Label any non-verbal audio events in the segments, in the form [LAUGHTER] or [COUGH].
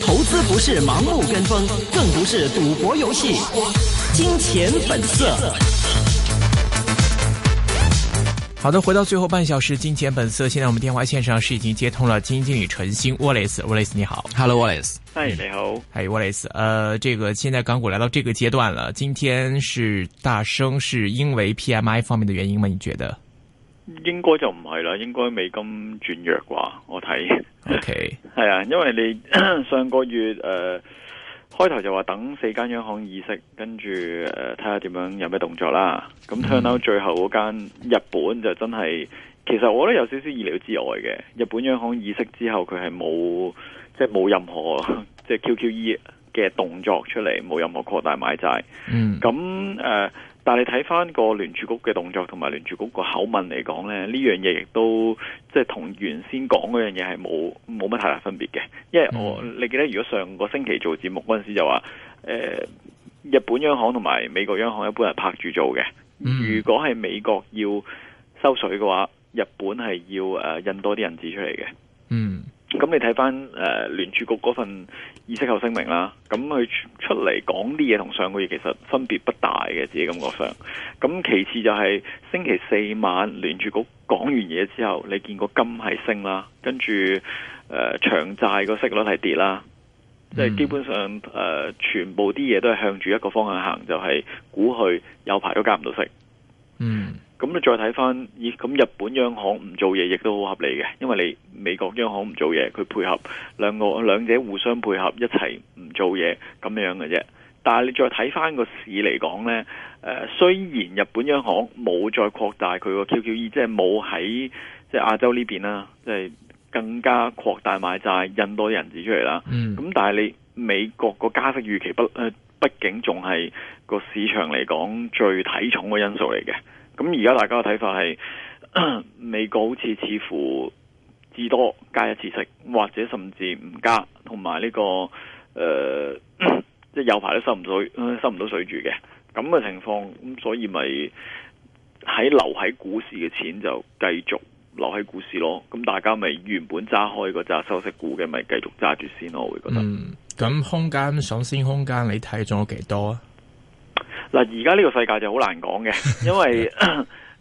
投資不是盲目跟風，更不是賭博遊戲。金錢本色。好的，回到最後半小時，金錢本色。現在我們電話線上是已經接通了，基金經理陳昕，Wallace，Wallace，你好，Hello Wallace，嗨，你好，嗨，Wallace，呃，這個現在港股來到這個階段了，今天是大升，是因為 PMI 方面的原因嗎？你覺得？應該就唔係啦，應該未咁轉弱啩，我睇。O K，係啊，因為你上個月誒、呃、開頭就話等四間央行議息，跟住誒睇下點樣有咩動作啦。咁 turn out 最後嗰間，嗯、日本就真係，其實我覺得有少少意料之外嘅。日本央行議息之後，佢係冇即係冇任何即係，就是、Q Q E 嘅動作出嚟，冇任何擴大買債。嗯，咁誒。呃但係睇翻個聯儲局嘅動作同埋聯儲局個口吻嚟講呢，呢樣嘢亦都即係同原先講嗰樣嘢係冇冇乜太大分別嘅。因為我你記得如果上個星期做節目嗰陣時就話、呃，日本央行同埋美國央行一般係拍住做嘅。如果係美國要收水嘅話，日本係要、啊、印多啲銀紙出嚟嘅。嗯。咁你睇翻誒聯儲局嗰份議息後聲明啦，咁佢出嚟講啲嘢同上個月其實分別不大嘅，自己感覺上。咁其次就係星期四晚聯儲局講完嘢之後，你見個金係升啦，跟住誒長債個息率係跌啦，即係、mm. 基本上誒、呃、全部啲嘢都係向住一個方向行，就係、是、估佢，有排都加唔到息。嗯。Mm. 咁你再睇翻，咁日本央行唔做嘢，亦都好合理嘅，因為你美國央行唔做嘢，佢配合兩個兩者互相配合一齊唔做嘢咁樣嘅啫。但係你再睇翻個市嚟講呢，誒、呃，雖然日本央行冇再擴大佢個 QQE 即係冇喺即係亞洲呢邊啦，即、就、係、是、更加擴大買債印多啲銀紙出嚟啦。咁、嗯、但係你美國個加息預期不畢竟仲係個市場嚟講最睇重嘅因素嚟嘅。咁而家大家嘅睇法係美國好似似乎至多加一次息，或者甚至唔加，同埋呢個誒，即係有排都收唔到水收唔到水住嘅咁嘅情況，咁所以咪喺留喺股市嘅錢就繼續留喺股市咯。咁大家咪原本揸開嗰揸收息股嘅，咪繼續揸住先咯。我會覺得。嗯，咁空間首先空間你睇咗幾多啊？嗱，而家呢個世界就好難講嘅，因為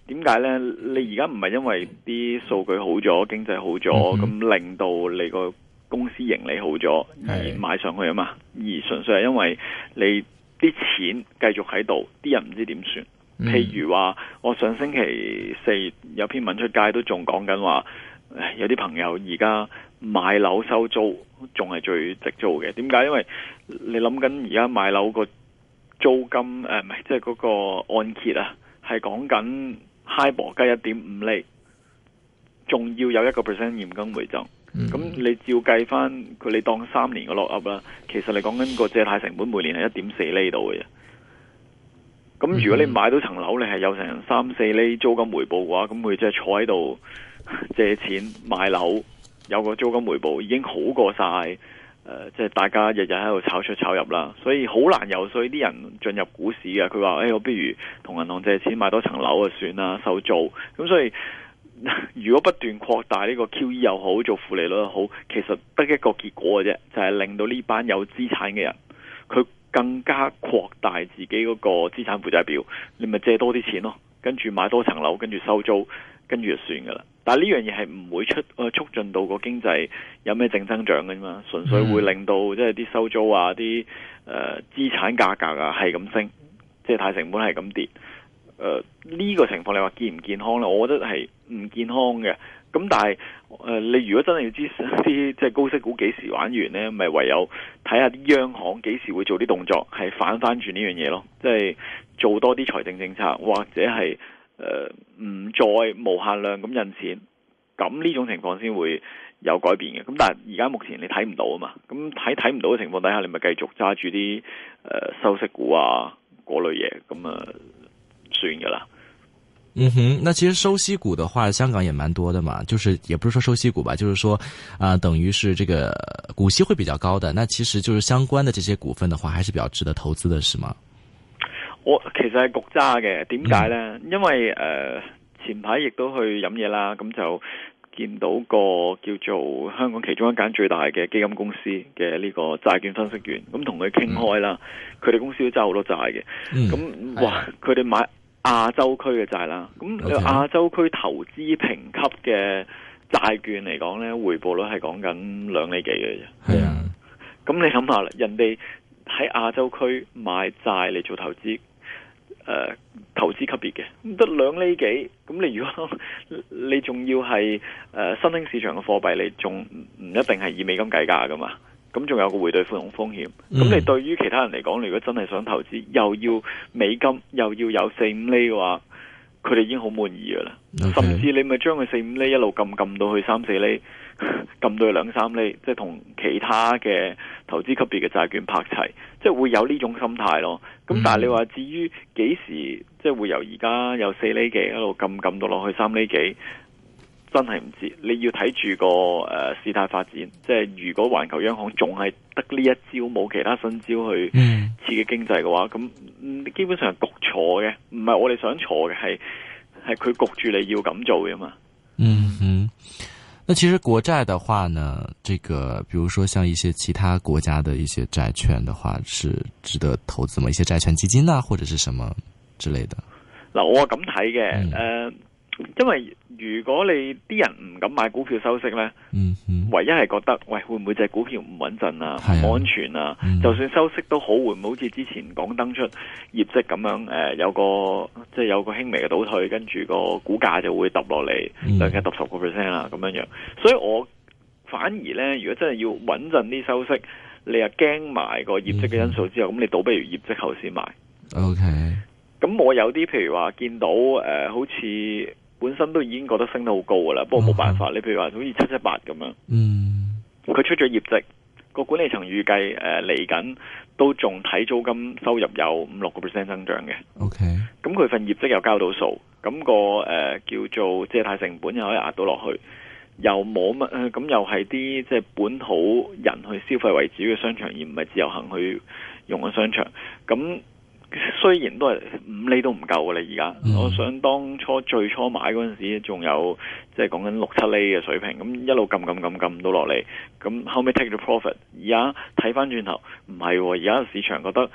點解咧？你而家唔係因為啲數據好咗、經濟好咗，咁、mm hmm. 令到你個公司盈利好咗而買上去啊嘛？是的 而純粹係因為你啲錢繼續喺度，啲人唔知點算。譬、mm hmm. 如話，我上星期四有篇文出街都仲講緊話，有啲朋友而家買樓收租仲係最值租嘅。點解？因為你諗緊而家買樓個。租金誒唔係，即係嗰個按揭啊，係講緊 HIBOR 加一點五厘，仲要有一個 percent 現金回贈。咁、mm hmm. 你照計翻佢，你當三年嘅 lock up 啦，其實你講緊個借貸成本每年係一點四厘度嘅。咁如果你買到層樓，你係有成三四厘租金回報嘅話，咁佢即係坐喺度借錢買樓，有個租金回報已經好過晒。誒，即係、呃就是、大家日日喺度炒出炒入啦，所以好難游說啲人進入股市嘅。佢話誒，我不如同銀行借錢買多層樓啊，算啦，收租。咁所以如果不斷擴大呢個 QE 又好，做負利率又好，其實得一個結果嘅啫，就係、是、令到呢班有資產嘅人，佢更加擴大自己嗰個資產負債表。你咪借多啲錢咯，跟住買多層樓，跟住收租。跟住就算噶啦，但係呢樣嘢係唔會誒、呃、促進到個經濟有咩正增長㗎嘛？純粹會令到即係啲收租啊，啲誒、呃、資產價格啊係咁升，即係貸成本係咁跌。誒、呃、呢、這個情況你話健唔健康咧？我覺得係唔健康嘅。咁但係誒、呃、你如果真係要知啲即係高息股幾時玩完咧，咪唯有睇下啲央行幾時會做啲動作，係反翻轉呢樣嘢咯。即係做多啲財政政策或者係。誒，唔、呃、再無限量咁印錢，咁呢種情況先會有改變嘅。咁但係而家目前你睇唔到啊嘛，咁睇睇唔到嘅情況底下，你咪繼續揸住啲誒收息股啊嗰類嘢，咁啊算噶啦。嗯哼，那其實收息股的話，香港也蠻多的嘛，就是也不是說收息股吧，就是說，啊、呃、等於是這個股息會比較高的，那其實就是相關的這些股份的話，還是比較值得投資的，是嗎？我其實係局渣嘅，點解呢？嗯、因為誒、呃，前排亦都去飲嘢啦，咁就見到個叫做香港其中一間最大嘅基金公司嘅呢個債券分析員，咁同佢傾開啦。佢哋，嗯、公司都揸好多債嘅，咁、嗯、哇！佢哋的買亞洲區嘅債啦，咁亞洲區投資評級嘅債券嚟講呢，回報率係講緊兩厘幾嘅啫。係啊的，咁的你諗下啦，人哋喺亞洲區買債嚟做投資。誒，uh, 投資級別嘅，得兩厘幾，咁你如果你仲要係誒、呃、新興市場嘅貨幣，你仲唔一定係以美金計價噶嘛？咁仲有個匯兌浮動風險，咁你對於其他人嚟講，你如果真係想投資，又要美金，又要有四五厘嘅話，佢哋已經好滿意噶啦，Okay. 甚至你咪將佢四五厘一路撳撳到去三四厘。撳到兩三厘，即係同其他嘅投資級別嘅債券拍齊，即係會有呢種心態咯。咁但係你話至於幾時，即係會由而家有四厘幾一路撳撳到落去三厘幾，真係唔知。你要睇住個誒、呃、事態發展。即係如果環球央行仲係得呢一招，冇其他新招去刺激經濟嘅話，咁、嗯、基本上係焗坐嘅，唔係我哋想坐嘅，係係佢焗住你要咁做嘅嘛。嗯嗯。嗯那其實國債的話呢，這個比如說像一些其他國家的一些債券的話，是值得投資某一些債券基金啊，或者是什麼之類的？那我咁睇嘅。誒、嗯。呃因為如果你啲人唔敢買股票收息呢，嗯嗯、唯一係覺得喂會唔會隻股票唔穩陣啊，唔、啊、安全啊，嗯、就算收息都好，會唔會好似之前港燈出業績咁樣誒、呃，有個即係、就是、有個輕微嘅倒退，跟住個股價就會跌落嚟，兩日跌十個 percent 啦咁樣樣。所以我反而呢，如果真係要穩陣啲收息，你又驚埋個業績嘅因素之後，咁、嗯、你倒不如業績後先買。O K. 咁我有啲譬如話見到誒、呃，好似。本身都已經覺得升得好高㗎啦，不過冇辦法，你 Okay. 譬如話好似七七八咁樣，佢、嗯、出咗業績，個管理層預計誒嚟緊都仲睇租金收入有五六個 percent 增長嘅。OK，咁佢份業績又交到數，咁、嗰個誒、呃、叫做借貸成本又可以壓到落去，又冇乜咁，又係啲即係本土人去消費為主嘅商場，而唔係自由行去用嘅商場，咁。雖然都係五厘都唔夠嘅啦，而家、嗯、我想當初最初買嗰陣時仲有即係講緊六七厘嘅水平，咁一路撳撳撳撳到落嚟，咁後尾 take 咗 profit，而家睇翻轉頭唔係，而家、哦、市場覺得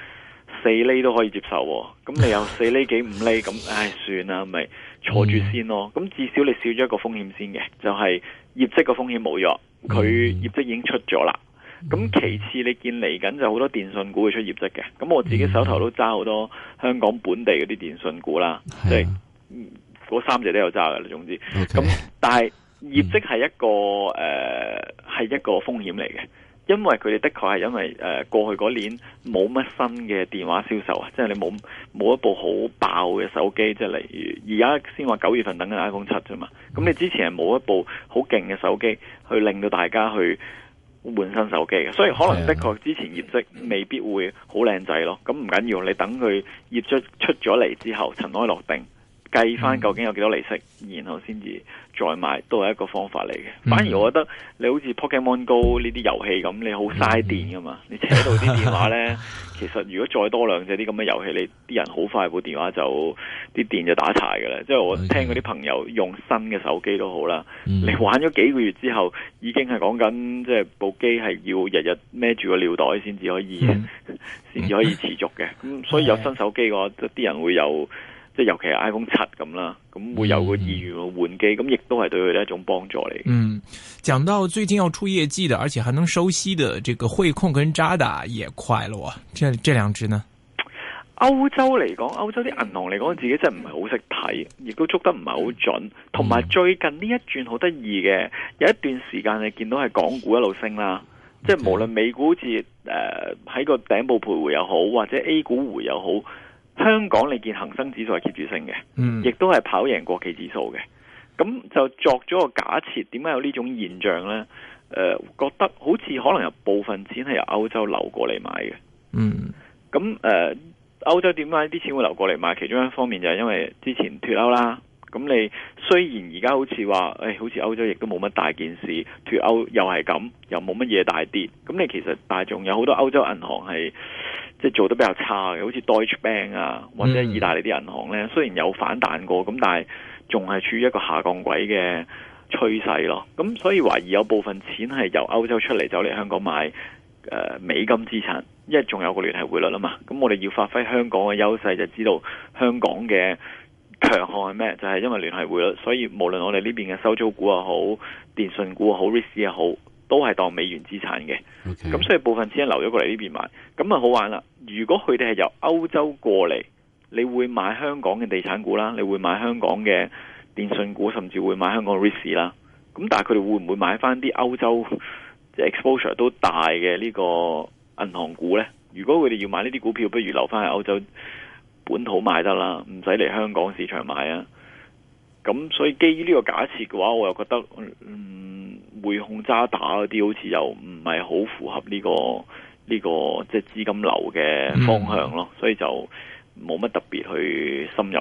四厘都可以接受，哦，咁你有四厘幾五厘，咁唉算啦，咪坐住先咯，咁、嗯、至少你少咗一個風險先嘅，就係、是、業績嘅風險冇咗，佢業績已經出咗啦。嗯嗯咁、嗯、其次，你見嚟緊就好多電信股會出業績嘅。咁我自己手頭都揸好多香港本地嗰啲電信股啦，係啊，即係嗰三隻都有揸㗎喇。總之，咁 okay, 但係業績係一個誒係、嗯呃、一個風險嚟嘅，因為佢哋的確係因為誒、呃、過去嗰年冇乜新嘅電話銷售啊，即係你冇冇一部好爆嘅手機，即係例如而家先話九月份等緊 iPhone 七啫嘛。咁你之前係冇一部好勁嘅手機去令到大家去。換新手機嘅，所以可能的確之前業績未必會好靚仔咯。咁唔緊要，你等佢業績出咗嚟之後，塵埃落定。計翻究竟有幾多利息，嗯、然後先至再買，都係一個方法嚟嘅。嗯、反而我覺得你好似 Pokemon Go 呢啲遊戲咁，你好嘥電噶嘛嗯嗯、你扯到啲電話呢， [LAUGHS] 其實如果再多兩隻啲咁嘅遊戲，你啲人好快部電話就啲電就打晒噶啦即係我聽嗰啲朋友用新嘅手機都好啦，你、嗯嗯、玩咗幾個月之後，已經係講緊即係部機係要日日孭住個尿袋先至可以，先至、嗯、可以持續嘅。咁、嗯、所以有新手機嘅話，啲的人會有。即係尤其係 iPhone 七咁啦，咁會有個意願換機，咁亦、嗯、都係對佢一種幫助嚟。嗯，講到最近要出業績的，而且還能收息嘅。這個匯控跟渣打也快了啊！這這兩支呢歐？歐洲嚟講，歐洲啲銀行嚟講，自己真係唔係好識睇，亦都捉得唔係好準。同埋、嗯、最近呢一轉好得意嘅，有一段時間你見到係港股一路升啦，對即係無論美股好似誒喺個頂部徘徊又好，或者 A 股回又好。香港你見恒生指數係 keep 住升嘅，亦都係跑贏國企指數嘅，咁就作咗個假設，點解有呢種現象呢？誒、呃，覺得好似可能有部分錢係由歐洲流過嚟買嘅。嗯，咁、呃、誒，歐洲點解啲錢會流過嚟買？其中一方面就係因為之前脱歐啦。咁你雖然而家好似話，誒、哎、好似歐洲亦都冇乜大件事脫歐又係咁，又冇乜嘢大跌。咁你其實但仲有好多歐洲銀行係即係做得比較差嘅，好似 Deutsche Bank 啊，或者意大利啲銀行呢，雖然有反彈過，咁但係仲係處於一個下降軌嘅趨勢咯。咁所以懷疑有部分錢係由歐洲出嚟走嚟香港買、呃、美金資產，因為仲有個聯繫匯率啊嘛。咁我哋要發揮香港嘅優勢，就知道香港嘅。強項係咩？就係、是、因為聯繫匯率，所以無論我哋呢邊嘅收租股又好，電信股又好，REITs 又好，都係當美元資產嘅。咁 Okay. 所以部分錢留咗過嚟呢邊買，咁啊好玩啦！如果佢哋係由歐洲過嚟，你會買香港嘅地產股啦，你會買香港嘅電信股，甚至會買香港 REITs 啦。咁但係佢哋會唔會買翻啲歐洲即係 exposure 都大嘅呢個銀行股呢？如果佢哋要買呢啲股票，不如留翻喺歐洲。本土買得啦，唔使嚟香港市場買啊！咁所以基於呢個假設嘅話，我又覺得嗯匯控渣打嗰啲好似又唔係好符合呢個呢個即係資金流嘅方向咯，所以就冇乜特別去深入。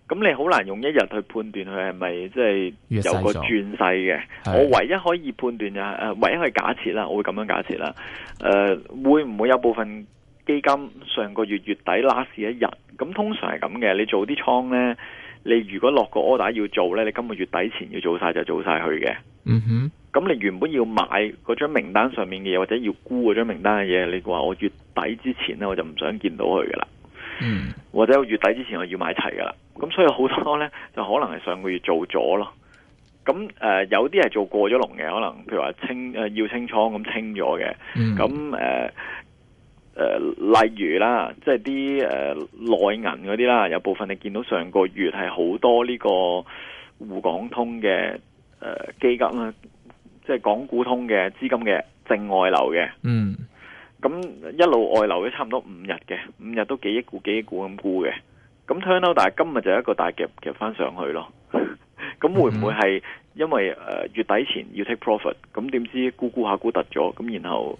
咁你好難用一日去判斷佢係咪即係有個轉勢嘅？我唯一可以判斷就係唯一係假設啦，我會咁樣假設啦。誒、呃，會唔會有部分基金上個月月底 last 一日？咁通常係咁嘅。你做啲倉呢，你如果落個 order 要做呢，你今個月底前要做晒就做晒佢嘅。咁、mm hmm. 你原本要買嗰張名單上面嘅嘢，或者要沽嗰張名單嘅嘢，你話我月底之前呢，我就唔想見到佢噶啦。Mm hmm. 或者我月底之前我要買齊噶啦。咁所以好多咧，就可能係上個月做咗咯。咁誒，有啲係做過咗龍嘅，可能譬如話清誒要清倉咁清咗嘅。咁誒誒，例如啦，即係啲誒內銀嗰啲啦，有部分你見到上個月係好多呢個滬港通嘅誒基金啦，即係港股通嘅資金嘅正外流嘅。嗯。咁一路外流咗差唔多五日嘅，五日都幾億股幾億股咁沽嘅。咁 turn out，但係今日就一個大夾夾翻上去咯。咁 [LAUGHS] 會唔會係因為誒、嗯呃、月底前要 take profit？咁點知沽沽下沽突咗？咁然後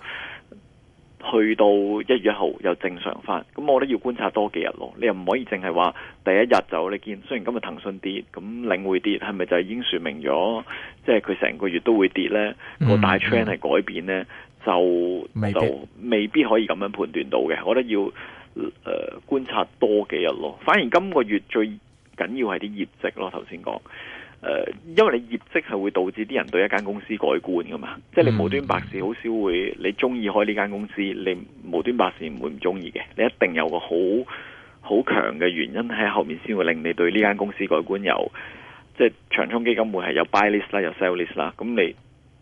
去到一月一號又正常翻。咁我覺得要觀察多幾日咯。你又唔可以淨係話第一日就你見，雖然今日騰訊跌，咁領匯跌，係咪就是已經說明咗，即係佢成個月都會跌咧？個、嗯、大 trend 係改變咧，就未必可以咁樣判斷到嘅。我覺得要。誒、呃，觀察多幾日咯，反而今個月最緊要係啲業績咯。頭先講，因為你業績係會導致啲人對一間公司改觀噶嘛，嗯、即係你無端白事好少會，你中意開呢間公司，你無端白事唔會唔中意嘅，你一定有個好好強嘅原因喺後面，先會令你對呢間公司改觀有。有即係長充基金會係有 buy list 啦，有 sell list 啦，咁、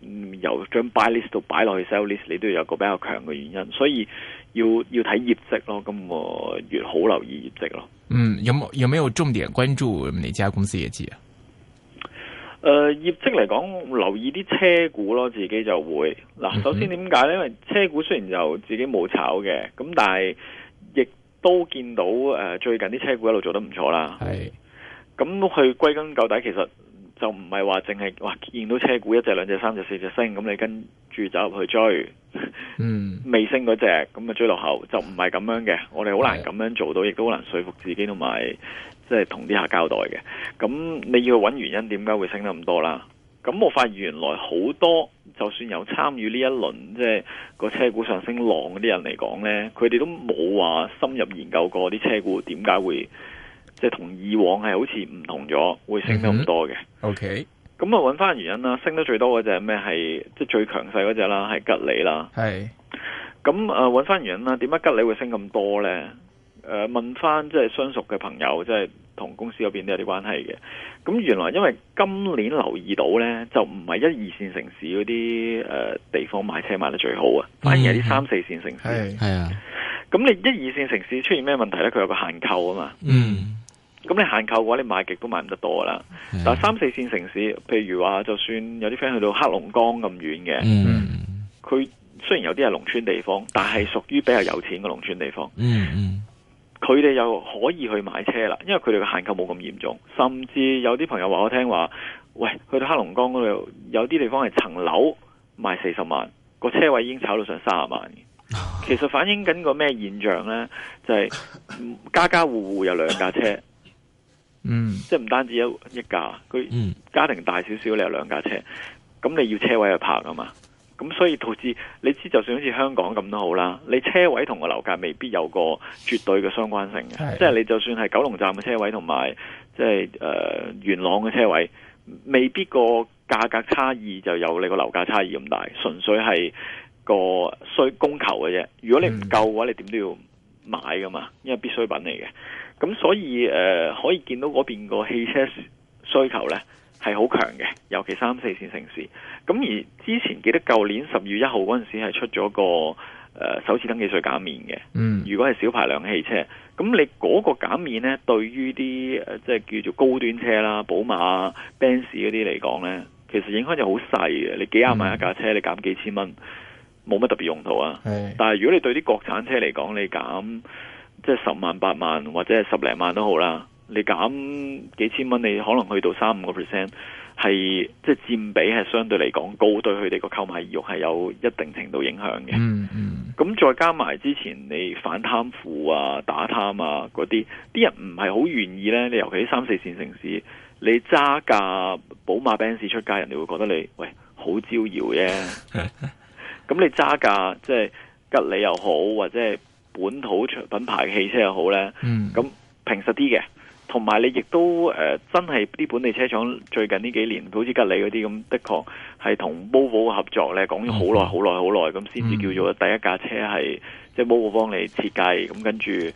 嗯、你由將 buy list 度擺落去 sell list，你都要有個比較強嘅原因，所以。要要睇業績咯，咁我越好留意業績咯。嗯，有冇有沒有重點關注你間公司業績啊？誒、呃，業績嚟講，留意啲車股咯，自己就會嗱。首先點解呢？因為車股雖然就自己冇炒嘅，咁但係亦都見到誒、呃，最近啲車股一路做得唔錯啦。係是，咁去歸根究底，其實。就唔係話淨係哇見到車股一隻兩隻三隻四隻，隻升，咁你跟住走入去追，嗯，未 [LAUGHS] 升嗰隻咁咪追落後，就唔係咁樣嘅。我哋好難咁樣做到，的亦都好難說服自己同埋即係同啲客交代嘅。咁你要揾原因，點解會升得咁多啦？咁我發現原來好多就算有參與呢一輪即係個車股上升浪嗰啲人嚟講呢，佢哋都冇話深入研究過啲車股點解會。即係同以往係好似唔同咗，會升得咁多嘅。OK，咁啊，揾翻原因啦。Okay. 升得最多嗰隻咩？係即係最強勢嗰隻啦，係吉利啦。係咁啊，揾翻原因啦。點解吉利會升咁多咧？誒、呃，問翻即係相熟嘅朋友，即係同公司嗰邊都有啲關係嘅。咁原來因為今年留意到咧，就唔係一二線城市嗰啲誒地方買車買得最好啊，反而係啲三四線城市係，係啊。咁你一二線城市出現咩問題咧？佢有個限購啊嘛。嗯。咁你限購嘅話，你買極都買唔得多啦。Mm hmm. 但係三四線城市，譬如話，就算有啲 friend 去到黑龍江咁遠嘅，佢、mm hmm. 雖然有啲係農村地方，但係屬於比較有錢嘅農村地方。佢哋、mm hmm. 又可以去買車啦，因為佢哋嘅限購冇咁嚴重。甚至有啲朋友話我聽話，喂，去到黑龍江嗰度，有啲地方係層樓賣四十萬，個車位已經炒到上三十萬。Oh. 其實反映緊個咩現象呢？就係、是、家家戶戶有兩架車。 [LAUGHS] 嗯，即係唔單止一一架，佢家庭大少少，嗯、你有兩架車，咁你要車位去泊噶嘛，咁所以導致你知，就算好似香港咁都好啦，你車位同個樓價未必有個絕對嘅相關性嘅，是即係你就算係九龍站嘅車位同埋，即係誒元朗嘅車位，未必個價格差異就有你個樓價差異咁大，純粹係個需供求嘅啫。如果你唔夠嘅話，你點都要買噶嘛，因為必需品嚟嘅。咁所以誒、呃，可以見到嗰邊個汽車需求咧係好強嘅，尤其三四線城市。咁而之前記得舊年十月一號嗰陣時係出咗個、呃、首次登記稅減免嘅。嗯，如果係小排量汽車，咁你嗰個減免咧，對於啲即係叫做高端車啦，寶馬啊 Benz 嗰啲嚟講咧，其實影響就好細嘅。你幾廿萬一架車，你減幾千蚊，冇乜特別用途啊。是的 但係如果你對啲國產車嚟講，你減。即係十萬、八萬或者係十零萬都好啦，你減幾千蚊，你可能去到三五個 percent，係即係占比係相對嚟講高，對佢哋個購買意欲係有一定程度影響嘅、嗯。嗯嗯，咁再加埋之前你反貪腐啊、打貪啊嗰啲，啲人唔係好願意呢。你尤其三四線城市，你揸架寶馬奔馳出街，人哋會覺得你喂好招搖嘅、啊。咁 [LAUGHS] 你揸架，即係吉利又好，或者係。本土出品牌嘅汽車又好咧，咁、嗯、平實啲嘅，同埋你亦都誒、呃、真係啲本地車廠最近呢幾年，好似吉利嗰啲咁，的確係同 Volvo 合作咧，講咗好耐、好耐、哦、好耐，咁先至叫做第一架車係、嗯、即係 Volvo 幫你設計，咁跟住誒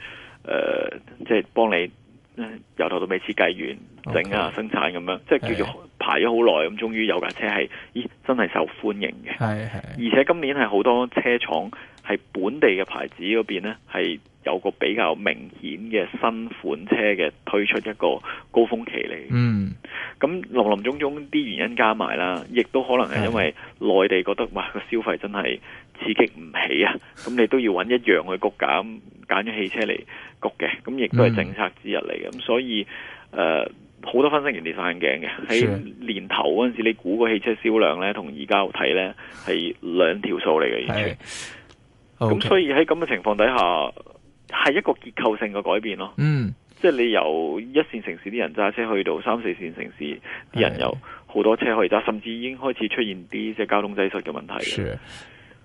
即係幫你、呃、由頭到尾設計完整啊生產咁樣，即係叫做排咗好耐，咁、嗯、終於有架車係咦真係受歡迎嘅，係係、嗯，而且今年係好多車廠。係本地嘅牌子嗰邊呢，係有個比較明顯嘅新款車嘅推出一個高峰期嚟。嗯，咁林林總總啲原因加埋啦，亦都可能係因為內地覺得的哇個消費真係刺激唔起啊，咁你都要揾一樣去谷減，揀咗汽車嚟谷嘅，咁亦都係政策之日政策之一嚟嘅。咁所以誒，好的、呃、多分析人哋眼鏡嘅喺年頭嗰陣時，你估個汽車銷量呢，同而家睇呢，係兩條數嚟嘅，完全。咁所以喺咁嘅情況底下，係一個結構性嘅改變咯。嗯，即係你由一線城市啲人揸車去到三四線城市，啲人有好多車可以揸，甚至已經開始出現啲即交通擠塞嘅問題。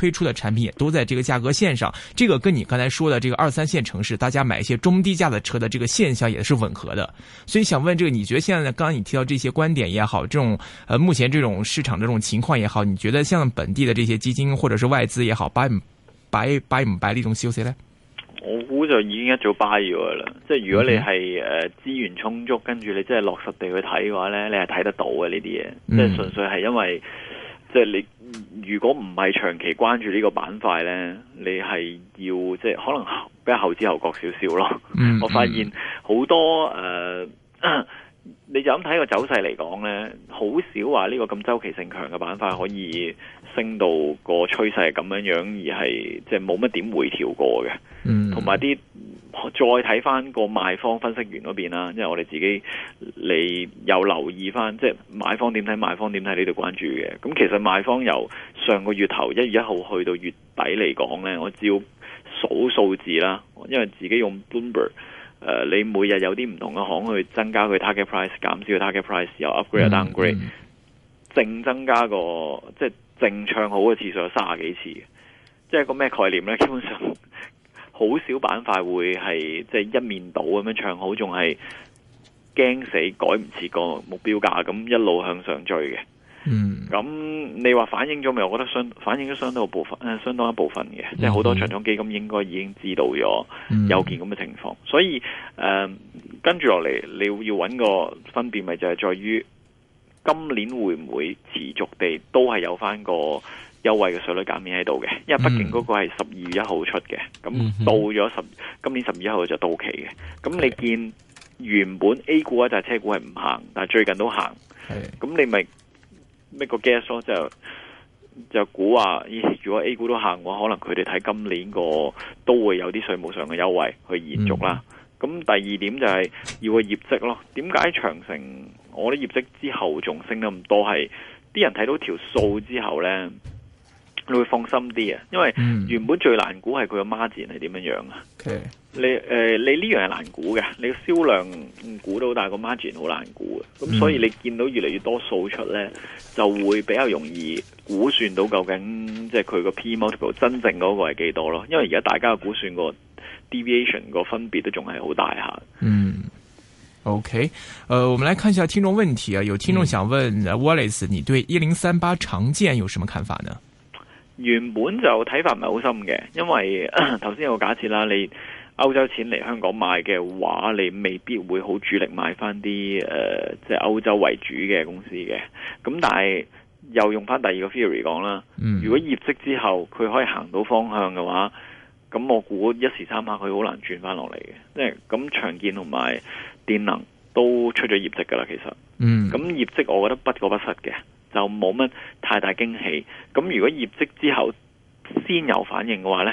推出的產品也都在這個價格線上，這個跟你剛才說的這個二三線城市大家買一些中低價的車的這個現象也是吻合的。所以想問這個，你覺得現在剛剛你提到這些觀點也好，這種呃目前這種市場這種情況也好，你覺得像本地的這些基金或者是外資也好，buy buy buy 唔 buy 這種消息呢？我估就已經一早 buy 咗噶啦。即係、嗯、哼如果你係資源充足，跟住你真係落實地去睇嘅話呢，你係睇得到嘅呢啲嘢，即係、嗯、純粹係因為，即係你。如果唔係長期關注呢個板塊呢，你係要即係可能比較後知後覺少少咯。嗯、我發現好多誒、嗯呃，你就咁睇個走勢嚟講呢，好少話呢個咁周期性強嘅板塊可以升到個趨勢係咁樣樣，而係即係冇乜點回調過嘅，同埋啲。我再睇翻個賣方分析員嗰邊啦，因為我哋自己你有留意翻，即係買方點睇、賣方點睇呢度關注嘅。咁其實賣方由上個月頭一月一號去到月底嚟講呢，我照數數字啦，因為自己用 Bloomberg，、呃、你每日有啲唔同嘅行去增加佢 target price、減少 target price，有 upgrade down、嗯、downgrade，、嗯、淨增加個即係淨唱好嘅次數有三十幾次，即係個咩概念呢？基本上。好少板塊會係即係一面倒咁樣唱好，仲係驚死改唔切個目標價，咁一路向上追嘅。嗯，咁你話反映咗未？我覺得相反映咗相當部分，相當一部分嘅，即係好多長莊基金應該已經知道咗有見咁嘅情況，嗯、所以誒跟住落嚟你要揾個分別，咪就係在於今年會唔會持續地都係有翻個優惠嘅稅率減免喺度嘅，因為畢竟嗰個係十二月一號出嘅，咁、mm hmm. 到咗十今年十二一號就到期嘅。咁你見原本 A 股啊就係車股係唔行，但係最近都行，咁、mm hmm. 你咪咩 a k e 個 g u s s 咯，就就估話咦，如果 A 股都行嘅話，可能佢哋睇今年個都會有啲稅務上嘅優惠去延續啦。咁、mm hmm. 第二點就係要個業績咯。點解長城我啲業績之後仲升得咁多？係啲人睇到條數之後呢。你會放心啲啊，因為原本最難估係佢個 margin 係點樣樣啊 Okay.、呃。你誒，你呢樣係難估嘅，你銷量估到，但係個 margin 好難估嘅。咁所以你見到越嚟越多數出咧，嗯、就會比較容易估算到究竟即係佢個 P multiple 真正嗰個係幾多咯。因為而家大家嘅估算個 deviation 個分別都仲係好大下。嗯，OK，誒、呃，我們來看一下聽眾問題啊。有聽眾想問、嗯、Wallace，你對一零三八長建有什麼看法呢？原本就睇法唔係好深嘅，因為頭先有個假設啦，你歐洲錢嚟香港買嘅話，你未必會好主力買翻啲誒即係歐洲為主嘅公司嘅。咁但係又用翻第二個 theory 講啦，如果業績之後佢可以行到方向嘅話，咁我估一時三刻佢好難轉翻落嚟嘅。即係咁長建同埋電能都出咗業績噶啦，其實，嗯，咁業績我覺得不過不失嘅。就冇乜太大驚喜。咁如果業績之後先有反應嘅話呢，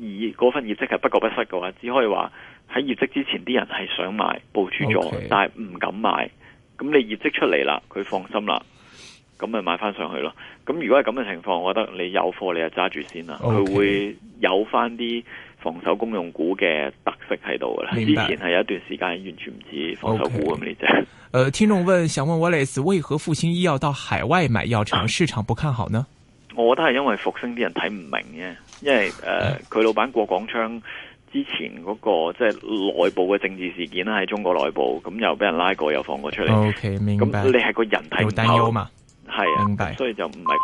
而嗰份業績係不過不失嘅話，只可以話喺業績之前啲人係想買，部署咗，Okay. 但係唔敢買。咁你業績出嚟啦，佢放心啦，咁咪買翻上去咯。咁如果係咁嘅情況，我覺得你有貨你就揸住先啦。佢 Okay. 會有翻啲。防守公用股嘅特色喺度啦，白之前係有一段時間完全唔似防守股咁嘅啫。誒、okay. 呃，聽眾問，想問 Wallace 為何復星醫藥到海外買藥廠、呃、市場不看好呢？我覺得係因為復星啲人睇唔明嘅，因為誒佢、呃呃、老闆郭廣昌之前嗰、那個即係內部嘅政治事件啦，喺中國內部咁又俾人拉過又放過出嚟。O、okay, K 明白，咁、嗯、你係個人睇唔好擔憂嘛？係啊白、嗯，所以就唔係。